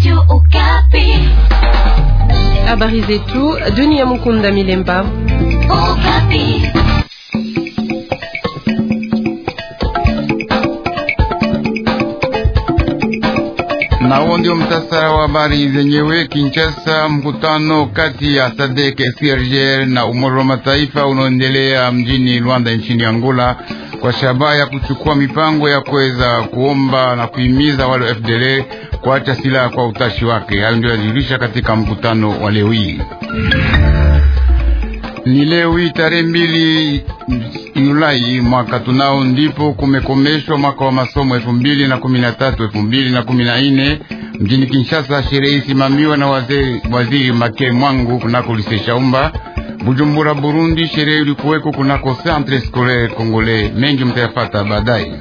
Radio Okapi. Habari zetu dunia. Mukunda Milemba, Okapi. Na huo ndio mtasara wa habari zenyewe. Kinshasa, mkutano kati ya SADC SRGL na Umoja wa Mataifa unaoendelea mjini Luanda nchini Angola kwa shabaha ya kuchukua mipango ya kuweza kuomba na kuhimiza wale wa FDL kuacha silaha kwa utashi wake. Hayo ndio yajulisha katika mkutano wa leo hii. Ni leo hii tarehe mbili Julai mwaka tunao ndipo kumekomeshwa mwaka wa masomo elfu mbili na kumi na tatu elfu mbili na kumi na nne mjini Kinshasa. Sherehe isimamiwa na waziri Make Mwangu kunako Lise Shaumba Bujumbura, Burundi, sherehe ulikuweko kunako Centre Scolaire Congolais. Mengi mtayafata baadaye.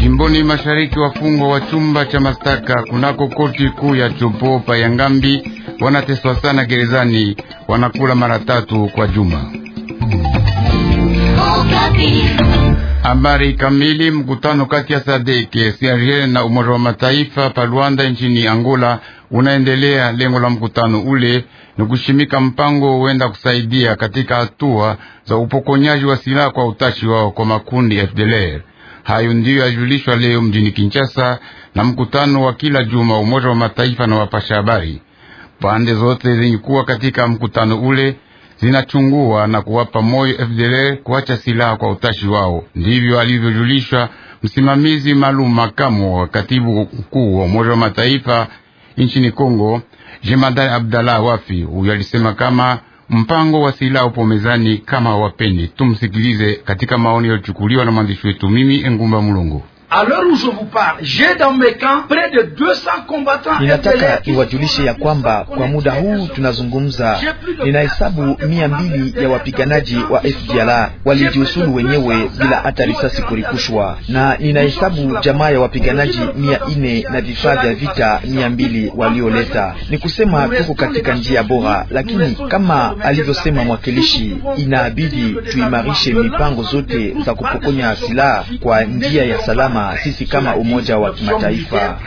Jimboni mashariki, wafungwa wa chumba cha mastaka kunako koti kuu ya Chopo pa Yangambi wanateswa sana gerezani, wanakula mara tatu kwa juma. Habari kamili. Mkutano kati ya Sadeke Siergel na Umoja wa Mataifa pa Luanda nchini Angola unaendelea. Lengo la mkutano ule ni kushimika mpango huenda kusaidia katika hatua za upokonyaji wa silaha kwa utashi wao kwa makundi ya FDLR. Hayo ndiyo yajulishwa leo mjini Kinshasa na mkutano wa kila juma Umoja wa Mataifa na wapasha habari. Pande zote zenye kuwa katika mkutano ule zinachungua na kuwapa moyo FDLR kuacha silaha kwa utashi wao. Ndivyo alivyojulishwa msimamizi maalum makamu wa katibu mkuu wa Umoja wa Mataifa nchini Kongo, Jemadari Abdallah Wafi huyo alisema kama mpango wa silaha upo mezani kama wapeni. Tumsikilize katika maoni yaliyochukuliwa na mwandishi wetu mimi Engumba mulungu À l'heure où je vous parle, j'ai dans mes camps près de 200 combattants. Ninataka iwajulishe ya kwamba kwa muda huu tunazungumza, ninahesabu mia mbili ya wapiganaji wa FDLR walijiusulu wenyewe bila hata risasi kurikushwa na ninahesabu jamaa ya wapiganaji mia nne na vifaa vya vita mia mbili walioleta. Ni kusema tuko katika njia bora, lakini kama alivyosema mwakilishi, inabidi tuimarishe mipango zote za kupokonya silaha kwa njia ya salama kama sisi kama Umoja wa Kimataifa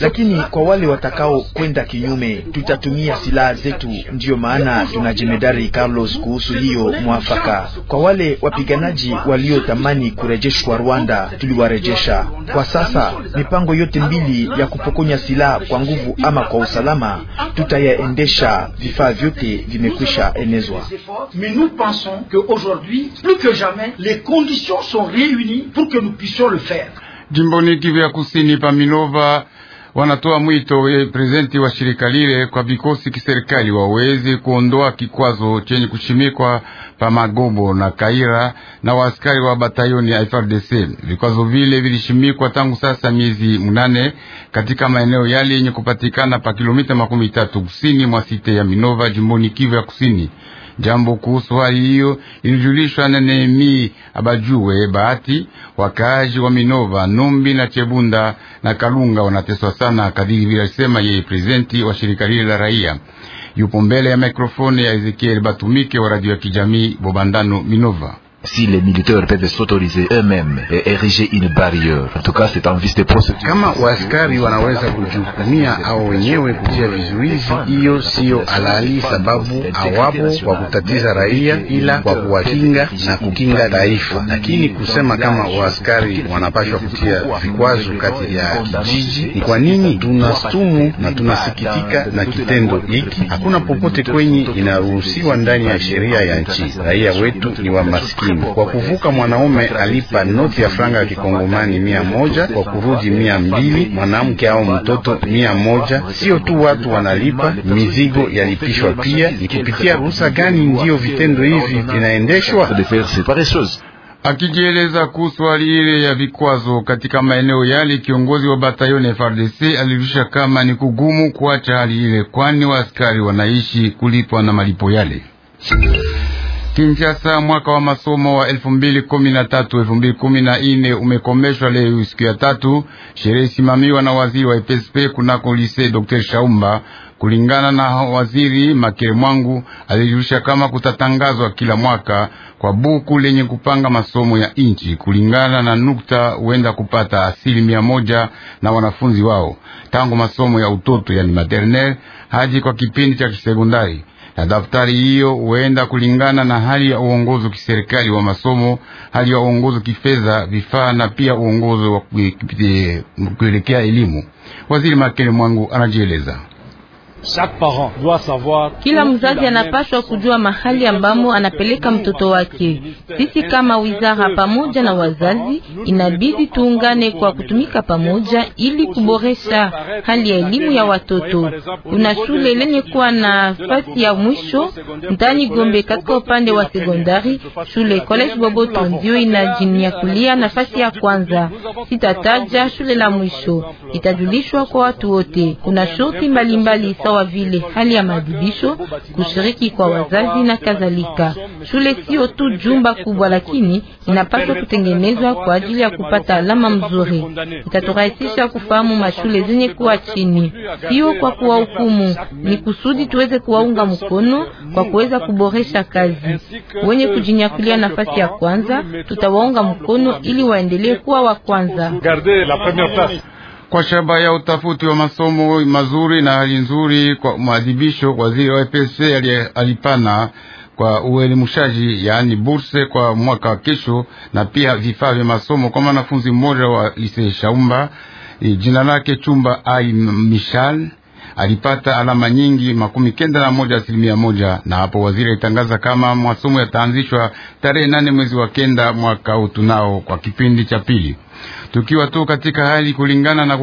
lakini kwa wale watakao kwenda kinyume tutatumia silaha zetu. Ndiyo maana tuna jemedari Carlos kuhusu hiyo mwafaka. Kwa wale wapiganaji waliotamani kurejeshwa Rwanda, tuliwarejesha. Kwa sasa mipango yote mbili ya kupokonya silaha kwa nguvu ama kwa usalama tutayaendesha. Vifaa vyote vimekwisha enezwa. Mais nous pensons qu'aujourd'hui, plus que jamais, les conditions sont réunies pour que nous puissions le faire. Jimboni Kivu ya Kusini Pamilova wanatoa mwito eh, prezidenti wa shirika lile kwa vikosi kiserikali waweze kuondoa kikwazo chenye kushimikwa pa Magobo na Kaira na waaskari wa batayoni ya FRDC. Vikwazo vile vilishimikwa tangu sasa miezi mnane katika maeneo yale yenye kupatikana pa kilomita makumi tatu kusini mwa site ya Minova, jimboni Kivu ya Kusini. Jambo kuhusu hali hiyo ilijulishwa na Nehemi Abajue Bahati. Wakazi wa Minova, Numbi na Chebunda na Kalunga wanateswa sana, kadiri vile alisema yeye prezidenti wa shirika lile la raia. Yupo mbele ya mikrofoni ya Ezekiel Batumike wa radio ya kijamii Bobandano Minova si les militaires peuvent s'autoriser eux-mêmes et eriger une barrière. En tout cas, c'est en vice de procédure. Kama waskari wanaweza kujihukumia au wenyewe kutia vizuizi, hiyo siyo halali, sababu hawapo kwa kutatiza raia, ila kwa kuwakinga na kukinga taifa. Lakini kusema kama waskari wanapashwa kutia vikwazo kati ya kijiji, ni kwa nini? Tunastumu na tunasikitika na kitendo hiki. Hakuna popote kwenye inaruhusiwa ndani ya sheria ya nchi. Raia wetu ni wa masikini kujibu. Kwa kuvuka, mwanaume alipa noti ya franga ya kikongomani mia moja, kwa kurudi mia mbili, mwanamke au mtoto mia moja. Sio tu watu wanalipa, mizigo yalipishwa pia. Ni kupitia ruhusa gani ndiyo vitendo hivi vinaendeshwa? Akijieleza kuhusu hali ile ya vikwazo katika maeneo yale, kiongozi wa batayoni FRDC alirusha kama ni kugumu kuacha hali ile, kwani waaskari wanaishi kulipwa na malipo yale. Kinshasa, mwaka wa masomo wa 2013 2014 umekomeshwa leo siku ya tatu. Sherehe isimamiwa na waziri wa EPSP kunako lise Dr. Shaumba. Kulingana na waziri Makere Mwangu, alijulisha kama kutatangazwa kila mwaka kwa buku lenye kupanga masomo ya inchi kulingana na nukta, huenda kupata mia moja na wanafunzi wao tangu masomo ya utoto yani maternel hadi kwa kipindi cha kisekondari na daftari hiyo huenda kulingana na hali ya uongozi kiserikali wa masomo, hali ya uongozi kifedha, vifaa na pia uongozi wa kuelekea elimu. Waziri Makele Mwangu anajieleza. Kila mzazi anapaswa kujua mahali ambamo anapeleka mtoto wake. Sisi kama wizara pamoja na wazazi inabidi tuungane kwa kutumika pamoja ili kuboresha hali ya elimu ya watoto. Kuna shule lenye kuwa na fasi ya mwisho ndani Gombe katika upande wa sekondari, shule College Boboto ndio inajinyakulia nafasi ya kwanza. Sitataja shule la mwisho, itajulishwa kwa watu wote. Kuna shoti mbalimbali sawa vile hali ya maadhibisho, kushiriki kwa wazazi na kadhalika. Shule sio tu jumba kubwa, lakini inapaswa kutengenezwa kwa ajili ya kupata alama mzuri. Itaturahisisha kufahamu mashule zenye kuwa chini, sio kwa kuwahukumu, ni kusudi tuweze kuwaunga mkono kwa kuweza kuboresha kazi. Wenye kujinyakulia nafasi ya kwanza tutawaunga mkono ili waendelee kuwa wa kwanza kwa shaba ya utafuti wa masomo mazuri na hali nzuri kwa maadhibisho. Waziri wa EPC alipana kwa uelimushaji yaani burse kwa mwaka wa kesho, na pia vifaa vya masomo kwa mwanafunzi mmoja wa lise Shaumba, e, jina lake Chumba ai Mishal alipata alama nyingi makumi kenda na moja asilimia moja, na hapo waziri alitangaza kama masomo yataanzishwa tarehe nane mwezi wa kenda mwaka utunao kwa kipindi cha pili tukiwa tu katika hali kulingana na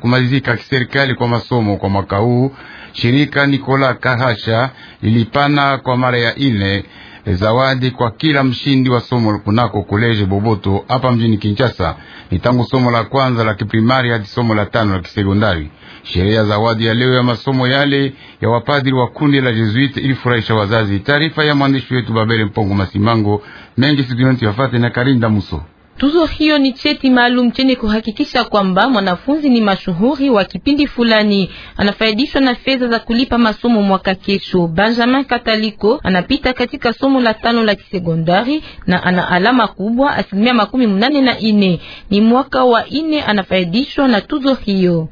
kumalizika kiserikali kwa masomo kwa mwaka huu, shirika Nikola Kahasha lilipana kwa mara ya ine zawadi kwa kila mshindi wa somo kunako koleji Boboto hapa mjini Kinshasa, ni tangu somo la kwanza la kiprimari hadi somo la tano la kisekondari. Sherehe ya zawadi ya leo ya masomo yale ya wapadiri wa kundi la Jesuit ilifurahisha wazazi. Taarifa ya mwandishi wetu Babele Mpongo Masimango mengi situnati wafate na Karinda Muso. Tuzo hiyo ni cheti maalum chenye kuhakikisha kwamba mwanafunzi ni mashuhuri wa kipindi fulani, anafaidishwa na fedha za kulipa masomo mwaka kesho. Benjamin Kataliko anapita katika somo la tano la kisekondari na ana alama kubwa asilimia makumi mnane na ine. Ni mwaka wa ine anafaidishwa na tuzo hiyo.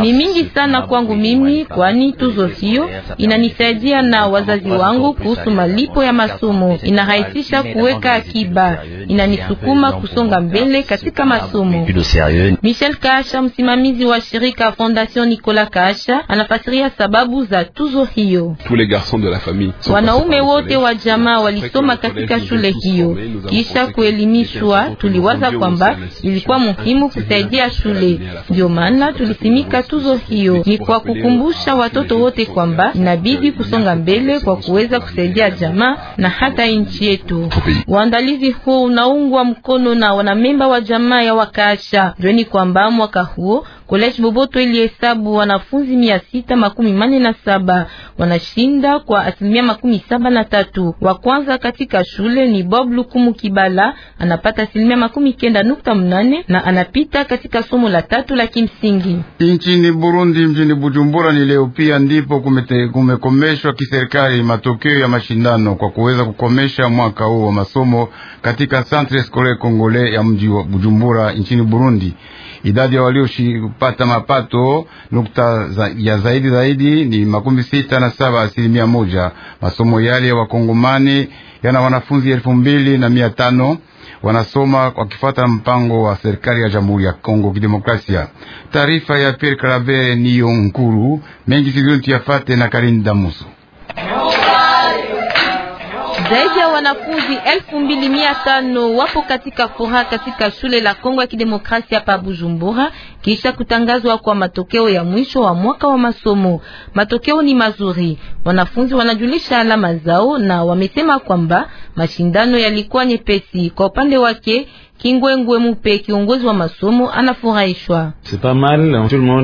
Ni mingi sana kwangu mimi, kwani tuzo hiyo inanisaidia na wazazi wangu kuhusu malipo ya masomo, inarahisisha kuweka akiba, ina inanisukuma kusonga mbele katika masomo. Michel Kaasha, msimamizi wa shirika Fondation Nicolas Kaasha, anafasiria sababu za tuzo hiyo. Wanaume wote wa jamaa walisoma katika shule hiyo. Kisha kuelimishwa, tuliwaza kwamba ilikuwa muhimu kusaidia shule, ndio maana tulisimika tuzo hiyo. Ni kwa kukumbusha watoto wote kwamba inabidi kusonga mbele kwa kuweza kusaidia jamaa na hata nchi yetu. Waandalizi huu unao inaungwa mkono na wanamemba wa jamaa ya Wakasha. Jueni kwamba mwaka huo College Boboto ilihesabu wanafunzi mia sita makumi mane na saba wanashinda kwa asilimia makumi saba na tatu. Wa kwanza katika shule ni Bob Lukumu Kibala anapata asilimia makumi kenda nukta mnane na anapita katika somo la tatu la kimsingi. Nchini Burundi, mjini Bujumbura ni leo pia ndipo kumekomeshwa kiserikali matokeo ya mashindano kwa kuweza kukomesha mwaka huu wa masomo katika Centre Scolaire Congolais ya mji wa Bujumbura nchini Burundi. Idadi ya waliopata mapato nukta za, ya zaidi zaidi ni makumi sita na saba asilimia moja. Masomo yale ya wakongomani yana wanafunzi elfu mbili na mia tano wanasoma wakifuata mpango wa serikali ya Jamhuri ya Kongo Kidemokrasia. Taarifa ya Pierre claver niyo nkuru mengi sizioni tuyafate na Karini Damuso. Zaidi ya wanafunzi elfu mbili mia tano wapo katika furaha katika shule la Kongo ya Kidemokrasia pa Bujumbura kisha kutangazwa kwa matokeo ya mwisho wa mwaka wa masomo. Matokeo ni mazuri, wanafunzi wanajulisha alama zao na wamesema kwamba mashindano yalikuwa nyepesi. Kwa upande wake Kingwengwe Mupe, kiongozi wa masomo, anafurahishwa.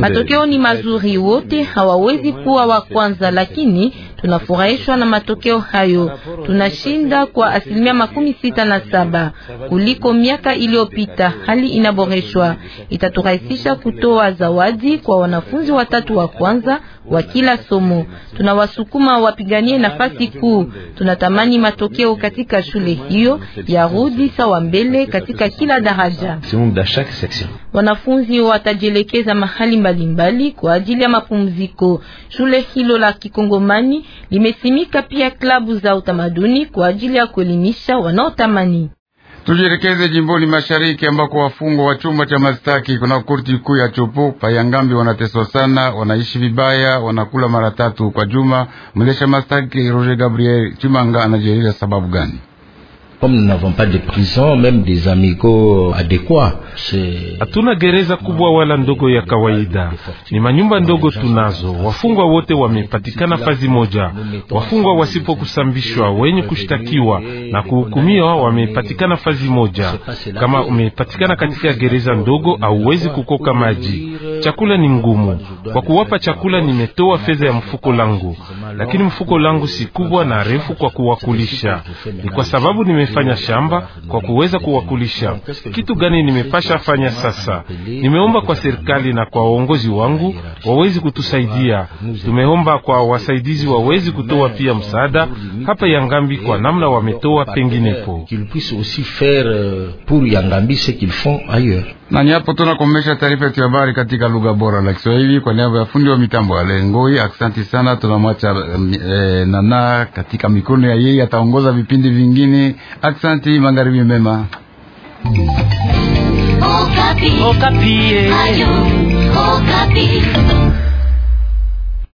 Matokeo ni mazuri, wote hawawezi kuwa wa kwanza, lakini Tunafurahishwa na matokeo hayo, tunashinda kwa asilimia makumi sita na saba kuliko miaka iliyopita. Hali inaboreshwa, itaturahisisha kutoa zawadi kwa wanafunzi watatu wa kwanza wa kila somo. Tunawasukuma wapiganie nafasi kuu. Tunatamani matokeo katika shule hiyo yarudi sawa mbele katika kila daraja. Wanafunzi watajielekeza mahali mbalimbali mbali kwa ajili ya mapumziko. Shule hilo la Kikongomani limesimika pia klabu za utamaduni kwa ajili ya kuelimisha wanaotamani. Tujielekeze jimboni mashariki ambako wafungwa wa chumba cha mastaki kuna korti kuu ya Chopo Payangambi wanateswa sana, wanaishi vibaya, wanakula mara tatu kwa juma. Mlesha mastaki Roger Gabriel Chimanga anajieleza sababu gani? comme nous n'avons pas de prison même des amigos adéquats. Hatuna gereza kubwa wala ndogo ya kawaida, ni manyumba ndogo tunazo. Wafungwa wote wamepatikana fazi moja. Wafungwa wasipokusambishwa wenye kushtakiwa na kuhukumiwa wamepatikana fazi moja. Kama umepatikana katika gereza ndogo, hauwezi kukoka maji, chakula ni ngumu. Kwa kuwapa chakula, nimetoa fedha ya mfuko langu, lakini mfuko langu si kubwa na refu kwa kuwakulisha. Ni kwa sababu nime nimefanya shamba kwa kuweza kuwakulisha kitu gani nimepasha fanya. Sasa nimeomba kwa serikali na kwa waongozi wangu wawezi kutusaidia. Tumeomba kwa wasaidizi wawezi kutoa pia msaada hapa Yangambi kwa namna wametoa penginepo. Euh, Nani hapo tunakomesha taarifa yetu ya habari katika lugha bora la Kiswahili kwa niaba ya fundi wa mitambo alengoi Lengoi. Asante sana, tunamwacha eh, Nana katika mikono ya yeye ataongoza vipindi vingine. Aksanti, magharibi mema. Okapi. Okapi. Eh.